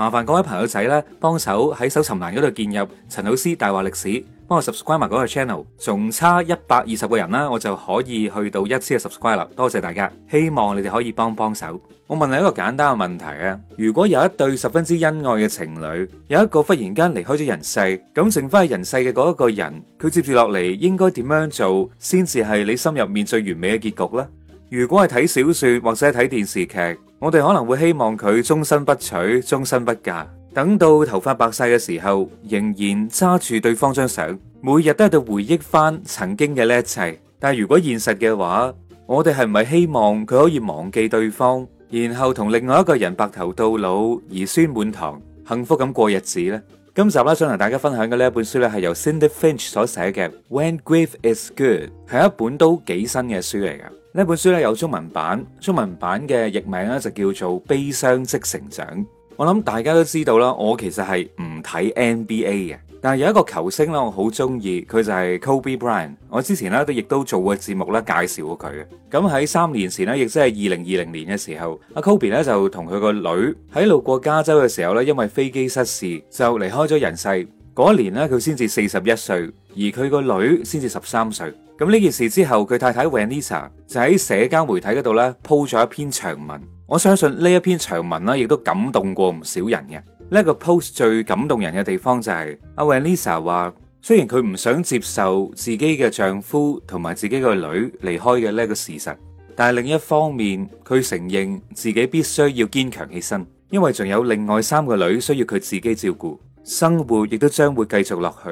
麻煩各位朋友仔咧，幫手喺搜尋欄嗰度建入陳老 C 大話歷史，幫我 subscribe 埋嗰個 channel，仲差一百二十個人啦，我就可以去到一千個 subscribe 啦。多謝大家，希望你哋可以幫幫手。我問你一個簡單嘅問題啊，如果有一對十分之恩愛嘅情侶，有一個忽然間離開咗人世，咁剩翻喺人世嘅嗰一個人，佢接住落嚟應該點樣做，先至係你心入面最完美嘅結局呢？如果係睇小說或者睇電視劇，我哋可能會希望佢終身不娶，終身不嫁，等到頭髮白晒嘅時候，仍然揸住對方張相，每日都喺度回憶翻曾經嘅呢一切。但如果現實嘅話，我哋係唔係希望佢可以忘記對方，然後同另外一個人白頭到老，兒孫滿堂，幸福咁過日子呢？今集咧想同大家分享嘅呢一本書咧，係由 Cindy Finch 所寫嘅《When Grief Is Good》，係一本都幾新嘅書嚟嘅。呢本書咧有中文版，中文版嘅譯名咧就叫做《悲傷即成長》。我諗大家都知道啦，我其實係唔睇 NBA 嘅。但係有一個球星咧，我好中意，佢就係 Kobe Bryant。我之前咧都亦都做過節目咧介紹過佢。咁喺三年前呢，亦即係二零二零年嘅時候，阿 Kobe 咧就同佢個女喺路過加州嘅時候咧，因為飛機失事就離開咗人世。嗰年呢，佢先至四十一歲，而佢個女先至十三歲。咁呢件事之後，佢太太 Vanessa 就喺社交媒體嗰度咧鋪咗一篇長文。我相信呢一篇長文咧，亦都感動過唔少人嘅。呢個 post 最感動人嘅地方就係阿 Van Lisa 話，雖然佢唔想接受自己嘅丈夫同埋自己個女離開嘅呢一個事實，但係另一方面，佢承認自己必須要堅強起身，因為仲有另外三個女需要佢自己照顧，生活亦都將會繼續落去。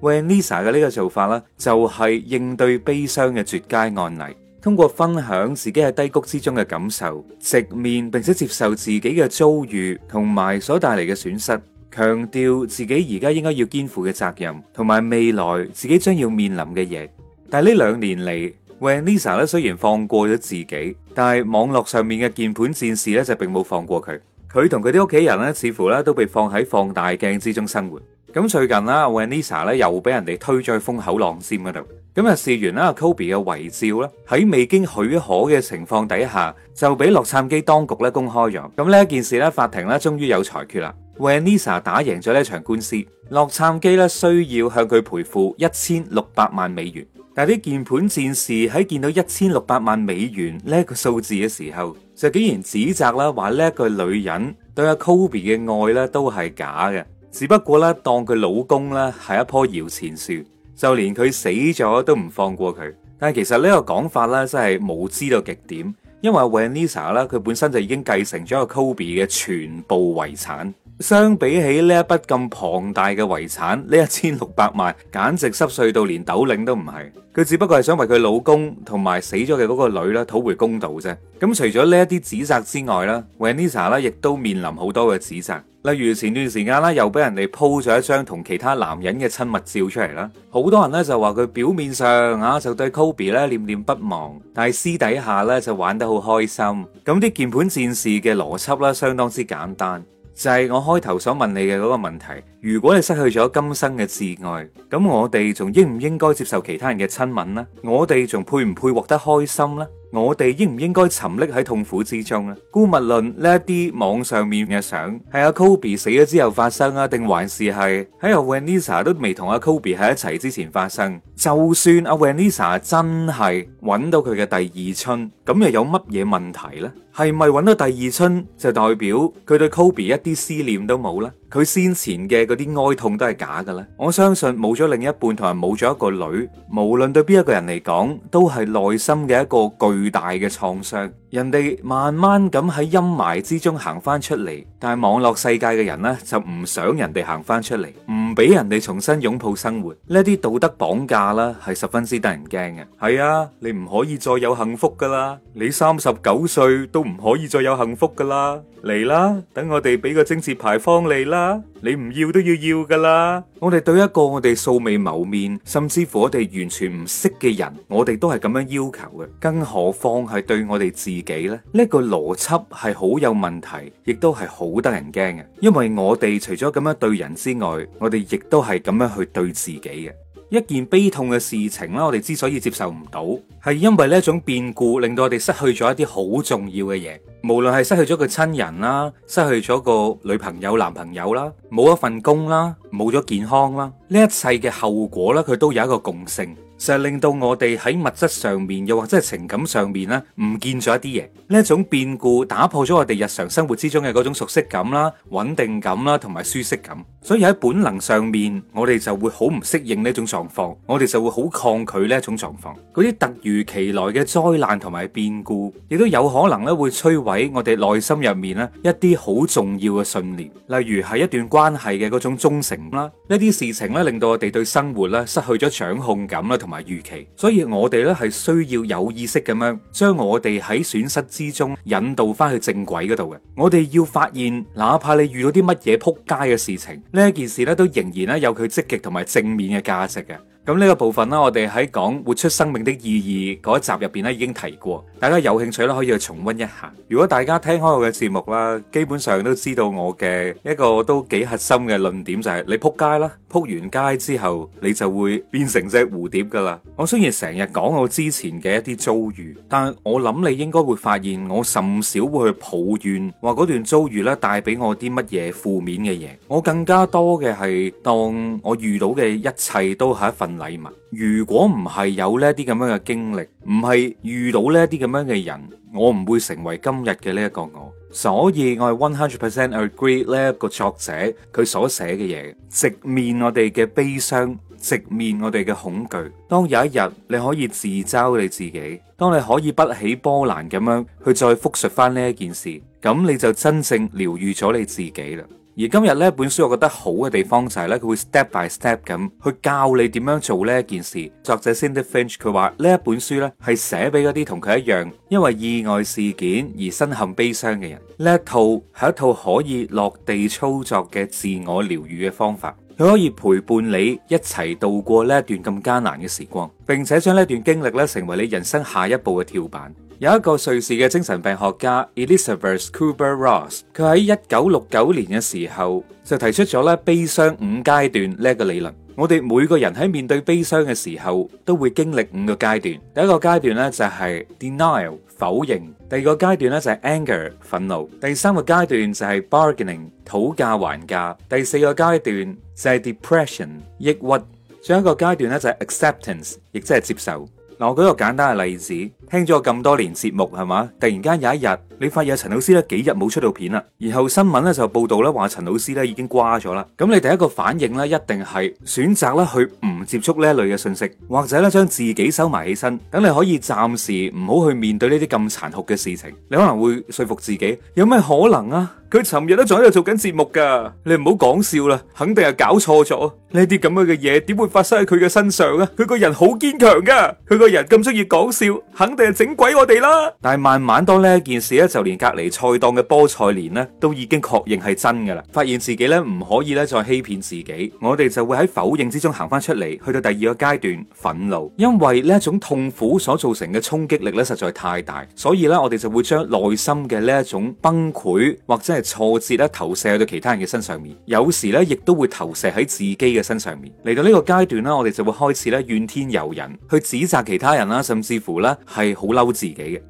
Van Lisa 嘅呢個做法啦，就係應對悲傷嘅絕佳案例。通過分享自己喺低谷之中嘅感受，直面並且接受自己嘅遭遇同埋所帶嚟嘅損失，強調自己而家應該要肩負嘅責任，同埋未來自己將要面臨嘅嘢。但係呢兩年嚟，Vanessa 咧雖然放過咗自己，但係網絡上面嘅鍵盤戰士咧就並冇放過佢。佢同佢啲屋企人咧，似乎咧都被放喺放大鏡之中生活。咁最近啦，Vanessa 咧又俾人哋推咗去風口浪尖嗰度。咁啊，事緣啦，Kobe 嘅遺照咧，喺未經許可嘅情況底下，就俾洛杉磯當局咧公開咗。咁呢一件事咧，法庭咧終於有裁決啦。Vanessa 打贏咗呢一場官司，洛杉磯咧需要向佢賠付一千六百萬美元。但係啲鍵盤戰士喺見到一千六百萬美元呢一個數字嘅時候，就竟然指責啦，話呢一個女人對阿 Kobe 嘅愛咧都係假嘅，只不過咧當佢老公咧係一棵搖錢樹。就連佢死咗都唔放過佢，但係其實呢個講法咧真係無知到極點，因為 Vanessa 咧佢本身就已經繼承咗個 Kobe 嘅全部遺產，相比起呢一筆咁龐大嘅遺產，呢一千六百萬簡直濕碎到連鬥零都唔係，佢只不過係想為佢老公同埋死咗嘅嗰個女咧討回公道啫。咁除咗呢一啲指責之外啦，Vanessa 咧亦都面臨好多嘅指責。例如前段時間啦，又俾人哋鋪咗一張同其他男人嘅親密照出嚟啦，好多人咧就話佢表面上啊就對 Kobe 咧念念不忘，但係私底下咧就玩得好開心。咁啲鍵盤戰士嘅邏輯咧相當之簡單，就係、是、我開頭想問你嘅嗰個問題。如果你失去咗今生嘅摯愛，咁我哋仲應唔應該接受其他人嘅親吻呢？我哋仲配唔配獲得開心呢？我哋應唔應該沉溺喺痛苦之中呢？姑勿論呢一啲網上面嘅相係阿、啊、Kobe 死咗之後發生啊，定還是係喺阿、啊、Vanessa 都未同阿、啊、Kobe 喺一齊之前發生？就算阿、啊、Vanessa 真係揾到佢嘅第二春，咁又有乜嘢問題呢？係咪揾到第二春就代表佢對 Kobe 一啲思念都冇呢？佢先前嘅嗰啲哀痛都係假嘅咧？我相信冇咗另一半同埋冇咗一個女，無論對邊一個人嚟講，都係內心嘅一個巨大嘅創傷。人哋慢慢咁喺陰霾之中行翻出嚟，但係網絡世界嘅人咧就唔想人哋行翻出嚟，唔俾人哋重新擁抱生活。呢啲道德綁架啦，係十分之得人驚嘅。係啊，你唔可以再有幸福噶啦，你三十九歲都唔可以再有幸福噶啦。嚟啦，等我哋俾個貞節牌坊嚟啦，你唔要都要要噶啦。我哋對一個我哋素未謀面，甚至乎我哋完全唔識嘅人，我哋都係咁樣要求嘅，更何況係對我哋自己呢？呢個邏輯係好有問題，亦都係好得人驚嘅。因為我哋除咗咁樣對人之外，我哋亦都係咁樣去對自己嘅。一件悲痛嘅事情啦，我哋之所以接受唔到，係因為呢種變故令到我哋失去咗一啲好重要嘅嘢，無論係失去咗個親人啦，失去咗個女朋友、男朋友啦，冇一份工啦，冇咗健康啦，呢一切嘅後果啦，佢都有一個共性。就係令到我哋喺物質上面，又或者係情感上面咧，唔見咗一啲嘢。呢一種變故打破咗我哋日常生活之中嘅嗰種熟悉感啦、穩定感啦，同埋舒適感。所以喺本能上面，我哋就會好唔適應呢種狀況，我哋就會好抗拒呢一種狀況。嗰啲突如其來嘅災難同埋變故，亦都有可能咧會摧毀我哋內心入面呢一啲好重要嘅信念，例如係一段關係嘅嗰種忠誠啦，呢啲事情咧令到我哋對生活咧失去咗掌控感啦，同。同埋預期，所以我哋咧係需要有意識咁樣，將我哋喺損失之中引導翻去正軌嗰度嘅。我哋要發現，哪怕你遇到啲乜嘢撲街嘅事情，呢一件事咧都仍然咧有佢積極同埋正面嘅價值嘅。咁呢個部分咧，我哋喺講活出生命的意義嗰一集入邊咧已經提過，大家有興趣咧可以去重温一下。如果大家聽開我嘅節目啦，基本上都知道我嘅一個都幾核心嘅論點就係你扑街啦，扑完街之後你就會變成隻蝴蝶噶啦。我雖然成日講我之前嘅一啲遭遇，但係我諗你應該會發現我甚少會去抱怨，話嗰段遭遇咧帶俾我啲乜嘢負面嘅嘢。我更加多嘅係當我遇到嘅一切都係一份。禮物，如果唔係有呢啲咁樣嘅經歷，唔係遇到呢啲咁樣嘅人，我唔會成為今日嘅呢一個我。所以我100，我係 one hundred percent agree 呢一，呢個作者佢所寫嘅嘢。直面我哋嘅悲傷，直面我哋嘅恐懼。當有一日你可以自嘲你自己，當你可以不起波瀾咁樣去再複述翻呢一件事，咁你就真正療愈咗你自己啦。而今日呢本書，我覺得好嘅地方就係呢佢會 step by step 咁去教你點樣做呢一件事。作者 Cindy Finch 佢話：呢一本書呢係寫俾嗰啲同佢一樣因為意外事件而身陷悲傷嘅人。呢一套係一套可以落地操作嘅自我療愈嘅方法，佢可以陪伴你一齊度過呢一段咁艱難嘅時光，並且將呢段經歷咧成為你人生下一步嘅跳板。有一個瑞士嘅精神病學家 Elisabeth Kübler-Ross，佢喺一九六九年嘅時候就提出咗咧悲傷五階段呢個理論。我哋每個人喺面對悲傷嘅時候都會經歷五個階段。第一個階段咧就係 denial 否認；第二個階段咧就係 anger 憤怒；第三個階段就係 bargaining 討價還價；第四個階段就係 depression 抑鬱；最後一個階段咧就係 acceptance，亦即係接受。嗱，我舉個簡單嘅例子。聽咗咁多年節目係嘛，突然間有一日你發現陳老師咧幾日冇出到片啦，然後新聞咧就報道咧話陳老師咧已經瓜咗啦。咁你第一個反應咧一定係選擇咧去唔接觸呢一類嘅信息，或者咧將自己收埋起身，等你可以暫時唔好去面對呢啲咁殘酷嘅事情。你可能會說服自己，有咩可能啊？佢尋日都仲喺度做緊節目噶，你唔好講笑啦，肯定係搞錯咗。呢啲咁樣嘅嘢點會發生喺佢嘅身上啊？佢個人好堅強噶，佢個人咁中意講笑，肯。定係整鬼我哋啦！但係慢慢，當呢件事咧，就連隔籬菜檔嘅菠菜蓮呢，都已經確認係真噶啦，發現自己呢，唔可以呢，再欺騙自己，我哋就會喺否認之中行返出嚟，去到第二個階段憤怒，因為呢一種痛苦所造成嘅衝擊力呢，實在太大，所以呢，我哋就會將內心嘅呢一種崩潰或者係挫折咧投射喺對其他人嘅身上面，有時呢，亦都會投射喺自己嘅身上面。嚟到呢個階段呢，我哋就會開始呢，怨天尤人，去指責其他人啦，甚至乎呢。係。 好嬲自己嘅，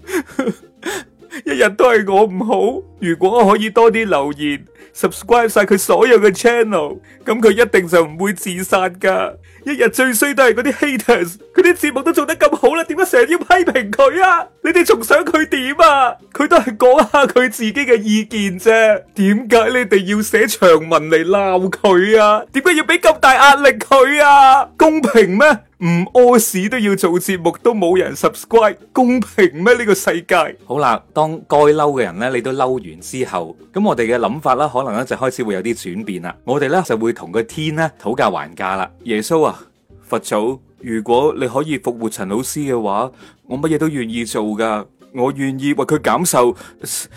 一日都係我唔好。如果我可以多啲留言 subscribe 晒佢所有嘅 channel，咁佢一定就唔會自殺㗎。一日最衰都係嗰啲 haters，佢啲節目都做得咁好啦，點解成日要批評佢啊？你哋仲想佢點啊？佢都係講下佢自己嘅意見啫。點解你哋要寫長文嚟鬧佢啊？點解要俾咁大壓力佢啊？公平咩？唔屙屎都要做節目都冇人 subscribe，公平咩？呢個世界好啦，當該嬲嘅人咧，你都嬲完。完之後，咁我哋嘅諗法啦，可能咧就開始會有啲轉變啦。我哋咧就會同個天咧討價還價啦。耶穌啊，佛祖，如果你可以復活陳老師嘅話，我乜嘢都願意做噶。我願意為佢減壽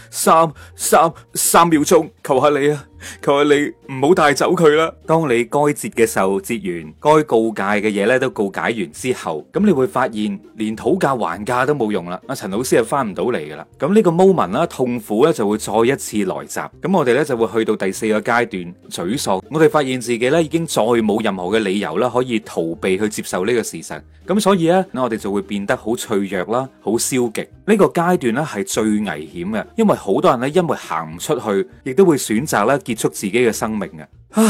三三三秒鐘，求下你啊！佢話你唔好帶走佢啦。當你該節嘅時候節完，該告解嘅嘢，咧都告解完之後，咁你會發現連討價還價都冇用啦。阿陳老師就翻唔到嚟噶啦。咁呢個 moment 啦，痛苦咧就會再一次來襲。咁我哋咧就會去到第四個階段，沮喪。我哋發現自己咧已經再冇任何嘅理由啦，可以逃避去接受呢個事實。咁所以咧，我哋就會變得好脆弱啦，好消極。呢、這個階段咧係最危險嘅，因為好多人咧因為行唔出去，亦都會選擇咧。結束自己嘅生命啊，唉！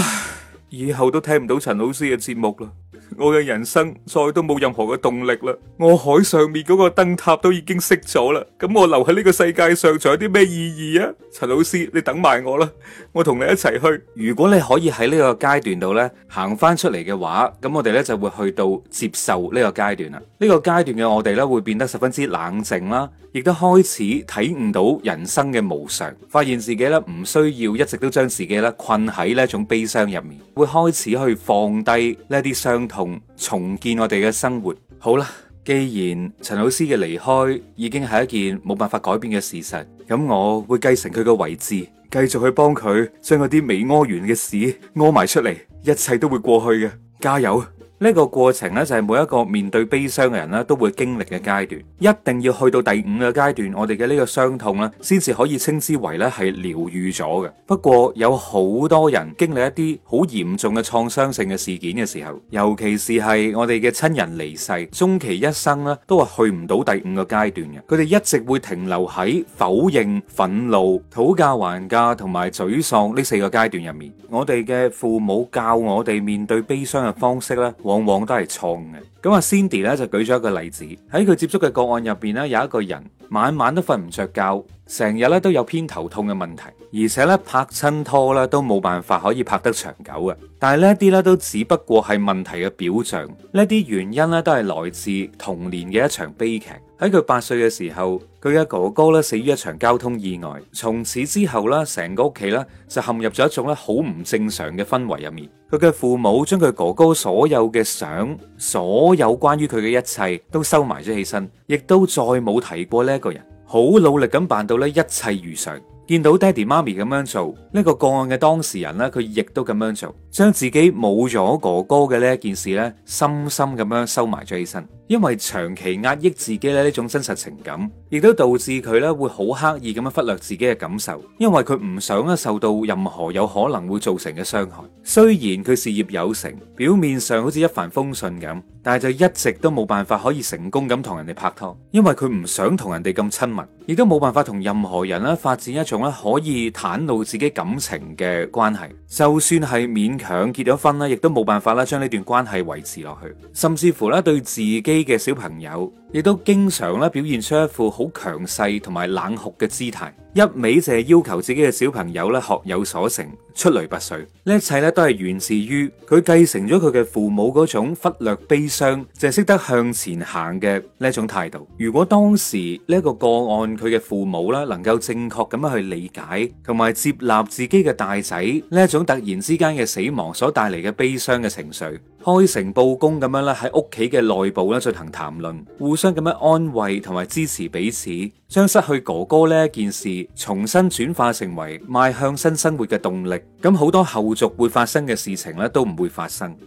以後都聽唔到陳老師嘅節目啦。我嘅人生再都冇任何嘅動力啦！我海上面嗰個燈塔都已經熄咗啦，咁我留喺呢個世界上仲有啲咩意義啊？陳老師，你等埋我啦，我同你一齊去。如果你可以喺呢個階段度咧行翻出嚟嘅話，咁我哋咧就會去到接受呢個階段啦。呢個階段嘅我哋咧會變得十分之冷靜啦，亦都開始睇唔到人生嘅無常，發現自己咧唔需要一直都將自己咧困喺呢一種悲傷入面，會開始去放低呢啲傷。同重建我哋嘅生活。好啦，既然陳老師嘅離開已經係一件冇辦法改變嘅事實，咁我會繼承佢嘅位置，繼續去幫佢將嗰啲未屙完嘅屎屙埋出嚟，一切都會過去嘅。加油！呢個過程咧就係每一個面對悲傷嘅人咧都會經歷嘅階段，一定要去到第五個階段，我哋嘅呢個傷痛咧，先至可以稱之為咧係療愈咗嘅。不過有好多人經歷一啲好嚴重嘅創傷性嘅事件嘅時候，尤其是係我哋嘅親人離世，終其一生呢，都係去唔到第五個階段嘅，佢哋一直會停留喺否認、憤怒、討價還價同埋沮喪呢四個階段入面。我哋嘅父母教我哋面對悲傷嘅方式咧，往往都係錯嘅，咁阿 Cindy 咧，就舉咗一個例子，喺佢接觸嘅個案入邊咧，有一個人晚晚都瞓唔着覺，成日咧都有偏頭痛嘅問題，而且咧拍親拖咧都冇辦法可以拍得長久嘅，但係呢一啲咧都只不過係問題嘅表象，呢一啲原因咧都係來自童年嘅一場悲劇。喺佢八歲嘅時候，佢嘅哥哥咧死於一場交通意外。從此之後咧，成個屋企咧就陷入咗一種咧好唔正常嘅氛圍入面。佢嘅父母將佢哥哥所有嘅相，所有關於佢嘅一切，都收埋咗起身，亦都再冇提過呢一個人。好努力咁辦到咧一切如常。見到爹哋媽咪咁樣做，呢個個案嘅當事人咧，佢亦都咁樣做，將自己冇咗哥哥嘅呢一件事咧，深深咁樣收埋咗起身。因為長期壓抑自己呢種真實情感，亦都導致佢咧會好刻意咁樣忽略自己嘅感受，因為佢唔想咧受到任何有可能會造成嘅傷害。雖然佢事業有成，表面上好似一帆風順咁，但係就一直都冇辦法可以成功咁同人哋拍拖，因為佢唔想同人哋咁親密，亦都冇辦法同任何人咧發展一種咧可以袒露自己感情嘅關係。就算係勉強結咗婚啦，亦都冇辦法啦將呢段關係維持落去，甚至乎咧對自己嘅小朋友。亦都經常咧表現出一副好強勢同埋冷酷嘅姿態，一味就係要求自己嘅小朋友咧學有所成、出類拔萃。呢一切咧都係源自於佢繼承咗佢嘅父母嗰種忽略、悲傷，淨係識得向前行嘅呢一種態度。如果當時呢一個個案佢嘅父母咧能夠正確咁樣去理解同埋接納自己嘅大仔呢一種突然之間嘅死亡所帶嚟嘅悲傷嘅情緒，開誠佈公咁樣咧喺屋企嘅內部咧進行談論，將咁樣安慰同埋支持彼此，將失去哥哥呢件事，重新轉化成為邁向新生活嘅動力。咁好多後續會發生嘅事情咧，都唔會發生。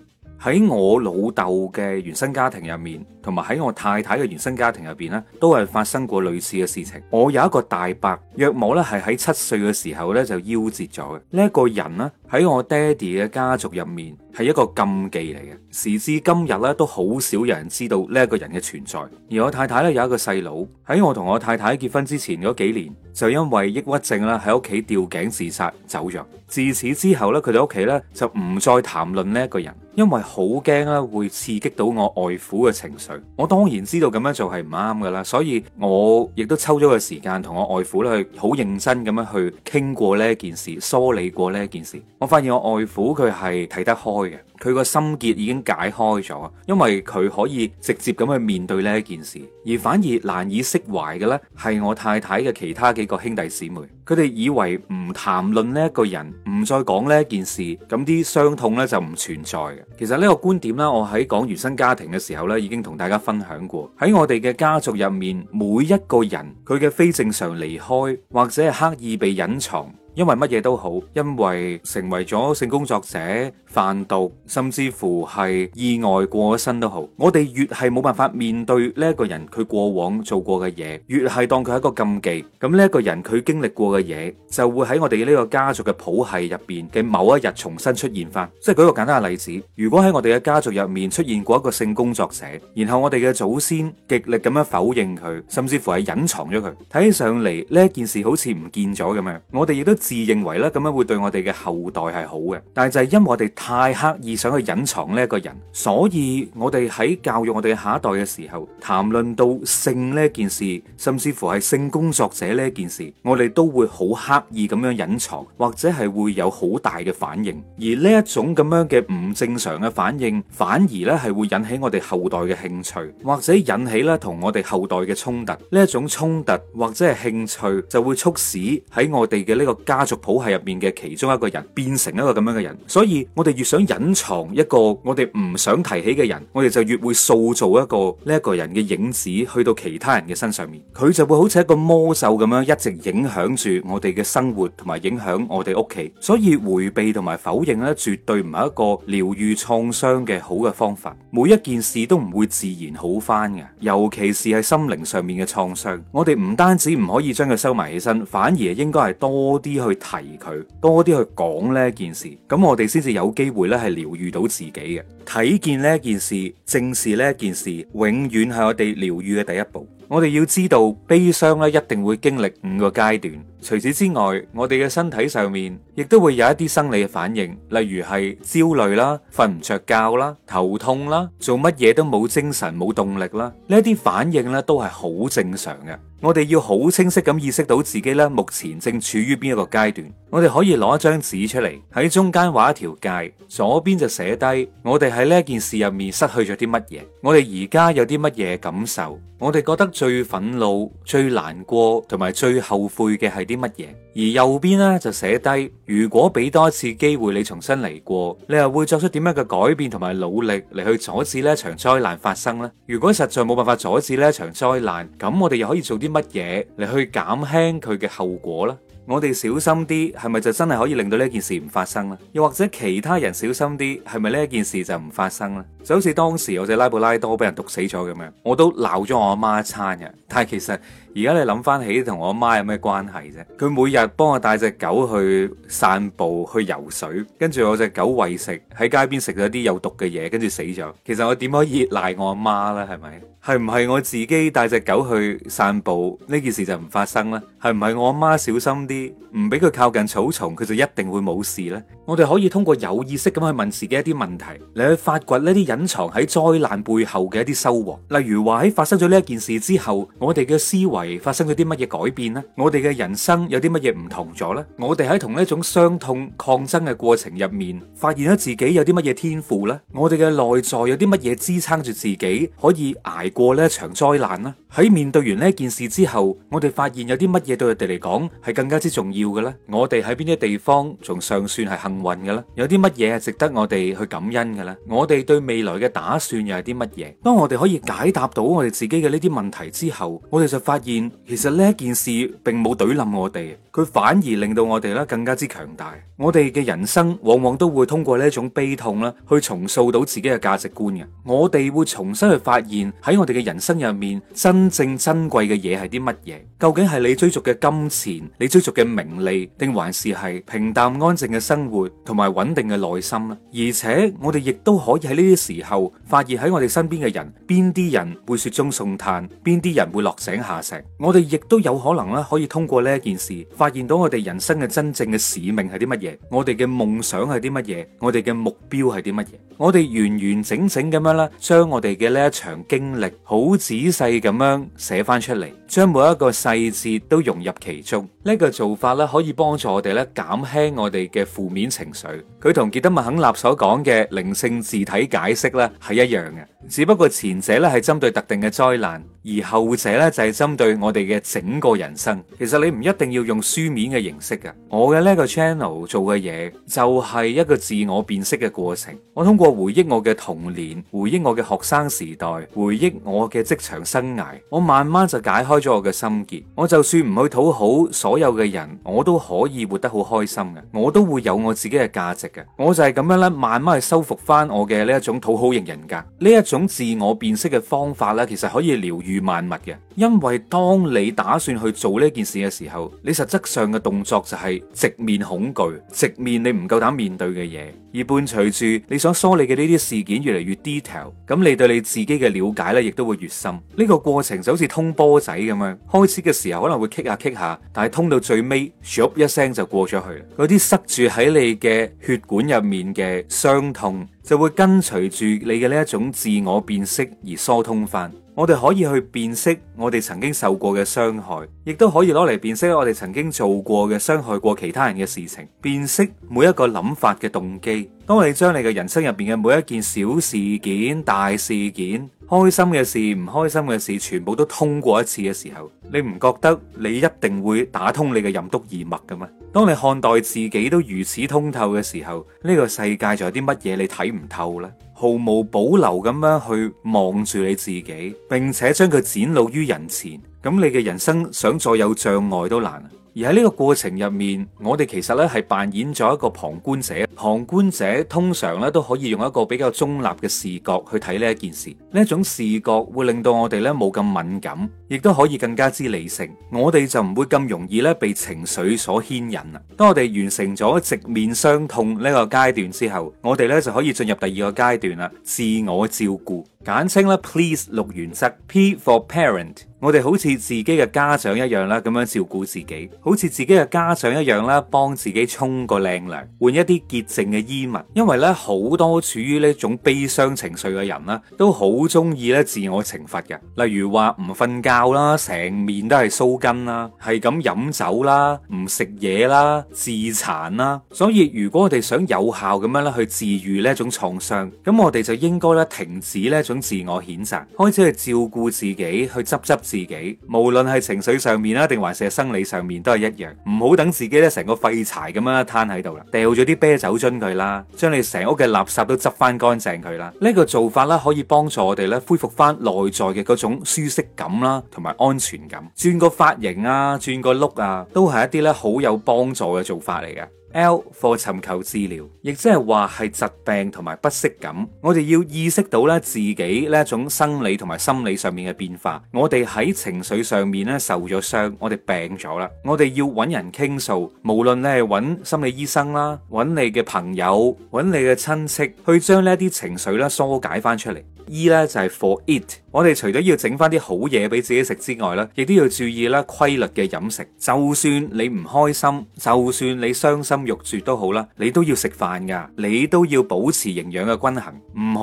喺我老豆嘅原生家庭入面，同埋喺我太太嘅原生家庭入邊咧，都係發生過類似嘅事情。我有一個大伯，約莫咧係喺七歲嘅時候咧就夭折咗嘅。呢一個人呢，喺我爹哋嘅家族入面。係一個禁忌嚟嘅，時至今日咧，都好少有人知道呢一個人嘅存在。而我太太咧有一個細佬，喺我同我太太結婚之前嗰幾年，就因為抑鬱症啦，喺屋企吊頸自殺走咗。自此之後咧，佢哋屋企咧就唔再談論呢一個人，因為好驚咧會刺激到我外父嘅情緒。我當然知道咁樣做係唔啱噶啦，所以我亦都抽咗個時間同我外父咧去好認真咁樣去傾過呢一件事，梳理過呢一件事。我發現我外父佢係睇得開。佢個心結已經解開咗，因為佢可以直接咁去面對呢一件事，而反而難以釋懷嘅呢，係我太太嘅其他幾個兄弟姊妹，佢哋以為唔談論呢一個人，唔再講呢一件事，咁啲傷痛呢就唔存在嘅。其實呢個觀點呢，我喺講原生家庭嘅時候呢，已經同大家分享過。喺我哋嘅家族入面，每一個人佢嘅非正常離開或者係刻意被隱藏，因為乜嘢都好，因為成為咗性工作者，販毒，甚至乎係意外過咗身都好，我哋越係冇辦法面對呢一個人佢過往做過嘅嘢，越係當佢係一個禁忌。咁呢一個人佢經歷過嘅嘢，就會喺我哋呢個家族嘅譜係入邊嘅某一日重新出現翻。即係舉個簡單嘅例子，如果喺我哋嘅家族入面出現過一個性工作者，然後我哋嘅祖先極力咁樣否認佢，甚至乎係隱藏咗佢，睇起上嚟呢一件事好似唔見咗咁樣，我哋亦都自認為咧咁樣會對我哋嘅後代係好嘅，但係就係因為我哋。太刻意想去隱藏呢一個人，所以我哋喺教育我哋下一代嘅時候，談論到性呢一件事，甚至乎係性工作者呢一件事，我哋都會好刻意咁樣隱藏，或者係會有好大嘅反應。而呢一種咁樣嘅唔正常嘅反應，反而咧係會引起我哋後代嘅興趣，或者引起咧同我哋後代嘅衝突。呢一種衝突或者係興趣，就會促使喺我哋嘅呢個家族譜系入面嘅其中一個人變成一個咁樣嘅人。所以，我哋。越想隱藏一個我哋唔想提起嘅人，我哋就越會塑造一個呢一個人嘅影子，去到其他人嘅身上面。佢就會好似一個魔咒咁樣，一直影響住我哋嘅生活，同埋影響我哋屋企。所以回避同埋否認咧，絕對唔係一個療愈創傷嘅好嘅方法。每一件事都唔會自然好翻嘅，尤其是係心靈上面嘅創傷。我哋唔單止唔可以將佢收埋起身，反而應該係多啲去提佢，多啲去講呢件事，咁我哋先至有機機會咧係療愈到自己嘅，睇見呢一件事，正視呢一件事，永遠係我哋療愈嘅第一步。我哋要知道悲傷咧，一定會經歷五個階段。除此之外，我哋嘅身體上面亦都會有一啲生理嘅反應，例如係焦慮啦、瞓唔着覺啦、頭痛啦、做乜嘢都冇精神、冇動力啦。呢啲反應咧都係好正常嘅。我哋要好清晰咁意識到自己咧目前正處於邊一個階段。我哋可以攞一張紙出嚟，喺中間畫一條界，左邊就寫低我哋喺呢件事入面失去咗啲乜嘢，我哋而家有啲乜嘢感受，我哋覺得最憤怒、最難過同埋最後悔嘅係啲乜嘢？而右邊呢，就寫低：「如果俾多次機會你重新嚟過，你又會作出點樣嘅改變同埋努力嚟去阻止呢場災難發生呢？如果實在冇辦法阻止呢場災難，咁我哋又可以做啲乜嘢嚟去減輕佢嘅後果呢？」我哋小心啲，係咪就真係可以令到呢件事唔發生呢？又或者其他人小心啲，係咪呢件事就唔發生呢？就好似當時我隻拉布拉多俾人毒死咗咁樣，我都鬧咗我阿媽一餐嘅。但係其實而家你諗翻起同我阿媽有咩關係啫？佢每日幫我帶隻狗去散步，去游水，跟住我隻狗餵食喺街邊食咗啲有毒嘅嘢，跟住死咗。其實我點可以賴我阿媽呢？係咪？係唔係我自己帶隻狗去散步，呢件事就唔發生咧？係唔係我阿媽小心啲，唔俾佢靠近草叢，佢就一定會冇事呢？我哋可以通過有意識咁去問自己一啲問題，嚟去發掘呢啲隱藏喺災難背後嘅一啲收穫。例如話喺發生咗呢一件事之後，我哋嘅思維發生咗啲乜嘢改變呢？我哋嘅人生有啲乜嘢唔同咗呢？我哋喺同呢一種傷痛抗爭嘅過程入面，發現咗自己有啲乜嘢天賦呢？我哋嘅內在有啲乜嘢支撐住自己可以挨？過呢一場災難啦，喺面對完呢件事之後，我哋發現有啲乜嘢對佢哋嚟講係更加之重要嘅咧？我哋喺邊啲地方仲尚算係幸運嘅咧？有啲乜嘢係值得我哋去感恩嘅咧？我哋對未來嘅打算又係啲乜嘢？當我哋可以解答到我哋自己嘅呢啲問題之後，我哋就發現其實呢一件事並冇懟冧我哋，佢反而令到我哋咧更加之強大。我哋嘅人生往往都會通過呢種悲痛啦，去重塑到自己嘅價值觀嘅。我哋會重新去發現喺我哋嘅人生入面真正珍貴嘅嘢係啲乜嘢？究竟係你追逐嘅金錢，你追逐嘅名利，定還是係平淡安靜嘅生活同埋穩定嘅內心呢？而且我哋亦都可以喺呢啲時候發現喺我哋身邊嘅人，邊啲人會雪中送炭，邊啲人會落井下石。我哋亦都有可能啦，可以通過呢一件事，發現到我哋人生嘅真正嘅使命係啲乜嘢。我哋嘅夢想係啲乜嘢？我哋嘅目標係啲乜嘢？我哋完完整整咁樣咧，將我哋嘅呢一場經歷好仔細咁樣寫翻出嚟，將每一個細節都融入其中。呢、這個做法咧，可以幫助我哋咧減輕我哋嘅負面情緒。佢同傑德麥肯納所講嘅靈性字體解釋咧係一樣嘅，只不過前者咧係針對特定嘅災難。而後者咧就係針對我哋嘅整個人生。其實你唔一定要用書面嘅形式嘅。我嘅呢個 channel 做嘅嘢就係一個自我辨識嘅過程。我通過回憶我嘅童年，回憶我嘅學生時代，回憶我嘅職場生涯，我慢慢就解開咗我嘅心結。我就算唔去討好所有嘅人，我都可以活得好開心嘅。我都會有我自己嘅價值嘅。我就係咁樣咧，慢慢去修復翻我嘅呢一種討好型人格。呢一種自我辨識嘅方法咧，其實可以療愈。與萬物嘅，因為當你打算去做呢件事嘅時候，你實質上嘅動作就係直面恐懼，直面你唔夠膽面對嘅嘢，而伴隨住你想梳理嘅呢啲事件越嚟越 detail，咁你對你自己嘅了解咧，亦都會越深。呢個過程就好似通波仔咁樣，開始嘅時候可能會棘下棘下，但係通到最尾咻一聲就過咗去，嗰啲塞住喺你嘅血管入面嘅傷痛。就會跟隨住你嘅呢一種自我辨識而疏通翻。我哋可以去辨識我哋曾經受過嘅傷害，亦都可以攞嚟辨識我哋曾經做過嘅傷害過其他人嘅事情，辨識每一個諗法嘅動機。當你將你嘅人生入邊嘅每一件小事件、大事件、開心嘅事、唔開心嘅事，全部都通過一次嘅時候，你唔覺得你一定會打通你嘅任督二脈嘅咩？當你看待自己都如此通透嘅時候，呢個世界仲有啲乜嘢你睇唔透呢？毫無保留咁樣去望住你自己，並且將佢展露於人前，咁你嘅人生想再有障礙都難。而喺呢個過程入面，我哋其實咧係扮演咗一個旁觀者。旁觀者通常咧都可以用一個比較中立嘅視角去睇呢一件事。呢一種視角會令到我哋咧冇咁敏感，亦都可以更加之理性。我哋就唔會咁容易咧被情緒所牽引啦。當我哋完成咗直面傷痛呢個階段之後，我哋咧就可以進入第二個階段啦——自我照顧，簡稱啦 Please 六原則 P for Parent。我哋好似自己嘅家長一樣啦，咁樣照顧自己，好似自己嘅家長一樣啦，幫自己沖個靚涼，換一啲潔淨嘅衣物。因為咧，好多處於呢一種悲傷情緒嘅人啦，都好中意咧自我懲罰嘅，例如話唔瞓覺啦，成面都係須根啦，係咁飲酒啦，唔食嘢啦，自殘啦。所以如果我哋想有效咁樣咧去治癒呢一種創傷，咁我哋就應該咧停止呢一種自我譴責，開始去照顧自己，去執執。自己無論係情緒上面啦，定還是係生理上面，都係一樣。唔好等自己咧成個廢柴咁樣攤喺度啦，掉咗啲啤酒樽佢啦，將你成屋嘅垃圾都執翻乾淨佢啦。呢個做法啦，可以幫助我哋咧恢復翻內在嘅嗰種舒適感啦，同埋安全感。轉個髮型啊，轉個 look 啊，都係一啲咧好有幫助嘅做法嚟嘅。L for 尋求治療，亦即係話係疾病同埋不適感。我哋要意識到咧自己呢一種生理同埋心理上面嘅變化。我哋喺情緒上面咧受咗傷，我哋病咗啦。我哋要揾人傾訴，無論你係揾心理醫生啦，揾你嘅朋友，揾你嘅親戚，去將呢啲情緒咧疏解翻出嚟。。E 咧就係 for it。我哋除咗要整返啲好嘢俾自己食之外咧，亦都要注意啦規律嘅飲食。就算你唔開心，就算你傷心欲絕都好啦，你都要食飯㗎，你都要保持營養嘅均衡，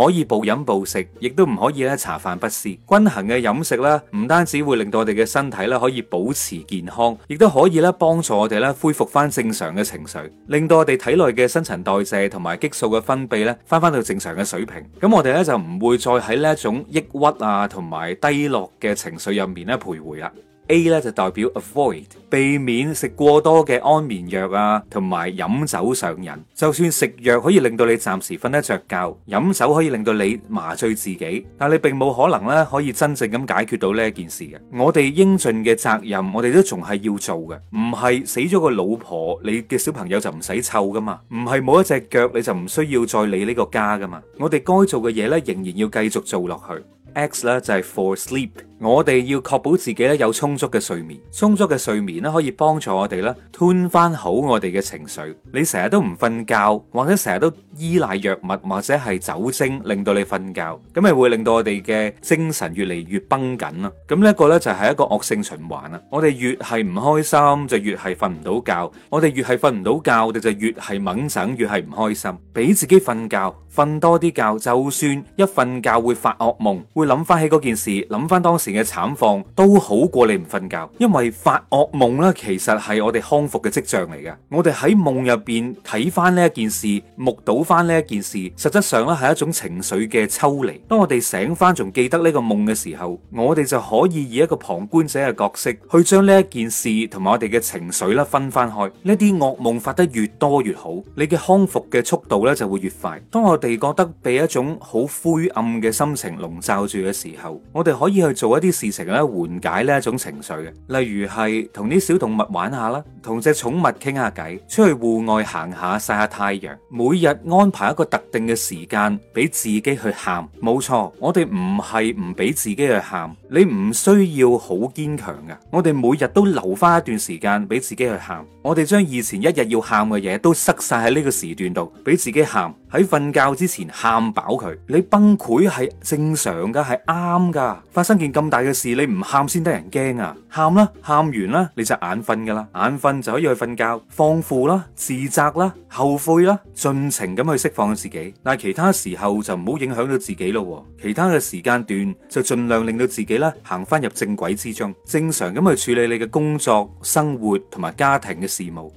唔可以暴飲暴食，亦都唔可以咧茶飯不思。均衡嘅飲食咧，唔單止會令到我哋嘅身體咧可以保持健康，亦都可以咧幫助我哋咧恢復返正常嘅情緒，令到我哋體內嘅新陳代謝同埋激素嘅分泌咧翻翻到正常嘅水平。咁我哋咧就唔會再。再喺呢一種抑鬱啊，同埋低落嘅情緒入面咧徘徊啦、啊。A 咧就代表 avoid，避免食過多嘅安眠藥啊，同埋飲酒上癮。就算食藥可以令到你暫時瞓得着覺，飲酒可以令到你麻醉自己，但你並冇可能咧可以真正咁解決到呢一件事嘅。我哋應盡嘅責任，我哋都仲係要做嘅。唔係死咗個老婆，你嘅小朋友就唔使湊噶嘛。唔係冇一隻腳，你就唔需要再理呢個家噶嘛。我哋該做嘅嘢咧，仍然要繼續做落去。X 咧就係 for sleep。我哋要確保自己咧有充足嘅睡眠，充足嘅睡眠咧可以幫助我哋咧調翻好我哋嘅情緒。你成日都唔瞓覺，或者成日都依賴藥物或者係酒精，令到你瞓覺，咁咪會令到我哋嘅精神越嚟越繃緊啦。咁呢一個咧就係一個惡性循環啊！我哋越係唔開心，就越係瞓唔到覺；我哋越係瞓唔到覺，我哋就越係掹醒，越係唔開心。俾自己瞓覺，瞓多啲覺，就算一瞓覺會發噩夢，會諗翻起嗰件事，諗翻當時。嘅慘況都好過你唔瞓覺，因為發噩夢咧，其實係我哋康復嘅跡象嚟嘅。我哋喺夢入邊睇翻呢一件事，目睹翻呢一件事，實質上咧係一種情緒嘅抽離。當我哋醒翻仲記得呢個夢嘅時候，我哋就可以以一個旁觀者嘅角色去將呢一件事同埋我哋嘅情緒咧分翻開。呢啲噩夢發得越多越好，你嘅康復嘅速度咧就會越快。當我哋覺得被一種好灰暗嘅心情籠罩住嘅時候，我哋可以去做一啲事情咧，緩解呢一種情緒嘅，例如係同啲小動物玩下啦，同隻寵物傾下偈，出去戶外行下，晒下太陽，每日安排一個特定嘅時間俾自己去喊。冇錯，我哋唔係唔俾自己去喊，你唔需要好堅強㗎。我哋每日都留翻一段時間俾自己去喊，我哋將以前一日要喊嘅嘢都塞晒喺呢個時段度，俾自己喊。喺瞓覺之前喊飽佢，你崩潰係正常噶，係啱噶。發生件咁大嘅事，你唔喊先得人驚啊！喊啦，喊完啦，你就眼瞓噶啦，眼瞓就可以去瞓覺，放負啦，自責啦，後悔啦，盡情咁去釋放自己。但係其他時候就唔好影響到自己咯喎。其他嘅時間段就盡量令到自己咧行返入正軌之中，正常咁去處理你嘅工作、生活同埋家庭嘅事務。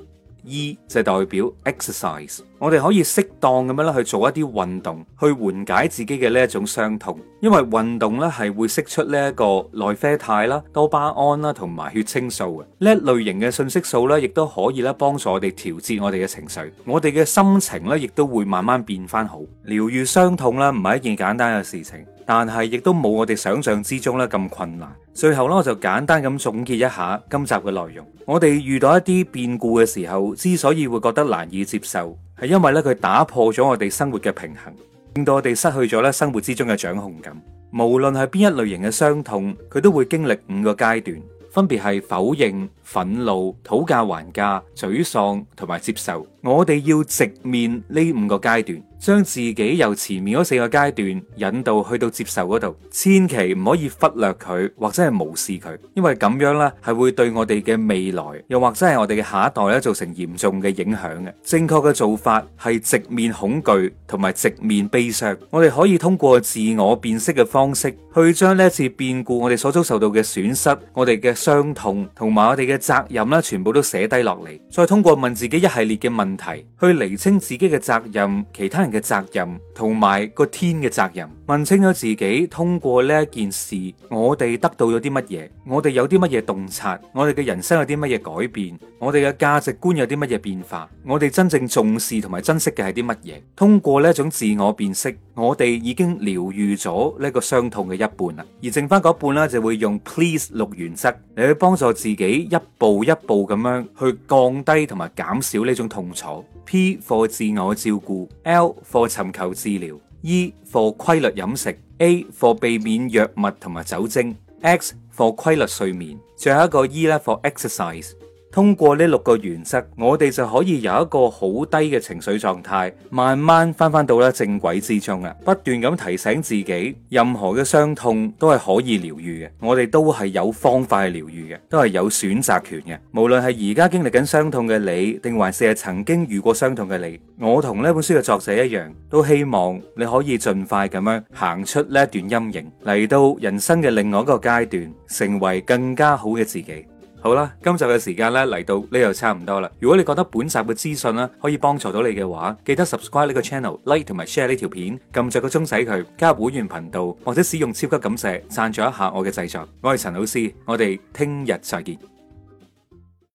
E 就代表 exercise。我哋可以適當咁樣咧去做一啲運動，去緩解自己嘅呢一種傷痛。因為運動咧係會釋出呢一個內啡肽啦、多巴胺啦，同埋血清素嘅呢一類型嘅信息素咧，亦都可以咧幫助我哋調節我哋嘅情緒，我哋嘅心情咧亦都會慢慢變翻好。療癒傷痛啦，唔係一件簡單嘅事情，但係亦都冇我哋想象之中咧咁困難。最後咧，我就簡單咁總結一下今集嘅內容。我哋遇到一啲變故嘅時候，之所以會覺得難以接受。因為咧，佢打破咗我哋生活嘅平衡，令到我哋失去咗咧生活之中嘅掌控感。無論係邊一類型嘅傷痛，佢都會經歷五個階段，分別係否認、憤怒、討價還價、沮喪同埋接受。我哋要直面呢五個階段。將自己由前面嗰四個階段引導去到接受嗰度，千祈唔可以忽略佢或者係無視佢，因為咁樣咧係會對我哋嘅未來又或者係我哋嘅下一代咧造成嚴重嘅影響嘅。正確嘅做法係直面恐懼同埋直面悲傷。我哋可以通過自我辨識嘅方式，去將呢一次變故我哋所遭受到嘅損失、我哋嘅傷痛同埋我哋嘅責任啦，全部都寫低落嚟，再通過問自己一系列嘅問題，去厘清自己嘅責任、其他人。嘅責任同埋個天嘅責任，問清咗自己通過呢一件事，我哋得到咗啲乜嘢？我哋有啲乜嘢洞察？我哋嘅人生有啲乜嘢改變？我哋嘅價值觀有啲乜嘢變化？我哋真正重視同埋珍惜嘅係啲乜嘢？通過呢一種自我辨識，我哋已經療愈咗呢個傷痛嘅一半啦，而剩翻嗰半咧就會用 Please 六原則嚟去幫助自己一步一步咁樣去降低同埋減少呢種痛楚。P for 自我照顧，L for 尋求治療，E for 規律飲食，A for 避免藥物同埋酒精，X for 規律睡眠，最後一個 E 咧 for exercise。通過呢六個原則，我哋就可以由一個好低嘅情緒狀態，慢慢返返到咧正軌之中啊！不斷咁提醒自己，任何嘅傷痛都係可以療愈嘅，我哋都係有方法去療愈嘅，都係有選擇權嘅。無論係而家經歷緊傷痛嘅你，定還是係曾經遇過傷痛嘅你，我同呢本書嘅作者一樣，都希望你可以盡快咁樣行出呢一段陰影，嚟到人生嘅另外一個階段，成為更加好嘅自己。好啦，今集嘅時間咧嚟到呢度差唔多啦。如果你覺得本集嘅資訊咧可以幫助到你嘅話，記得 subscribe 呢個 channel，like 同埋 share 呢條片，撳着個鐘使佢，加入會員頻道或者使用超級感謝贊助一下我嘅製作。我係陳老 C，我哋聽日再見。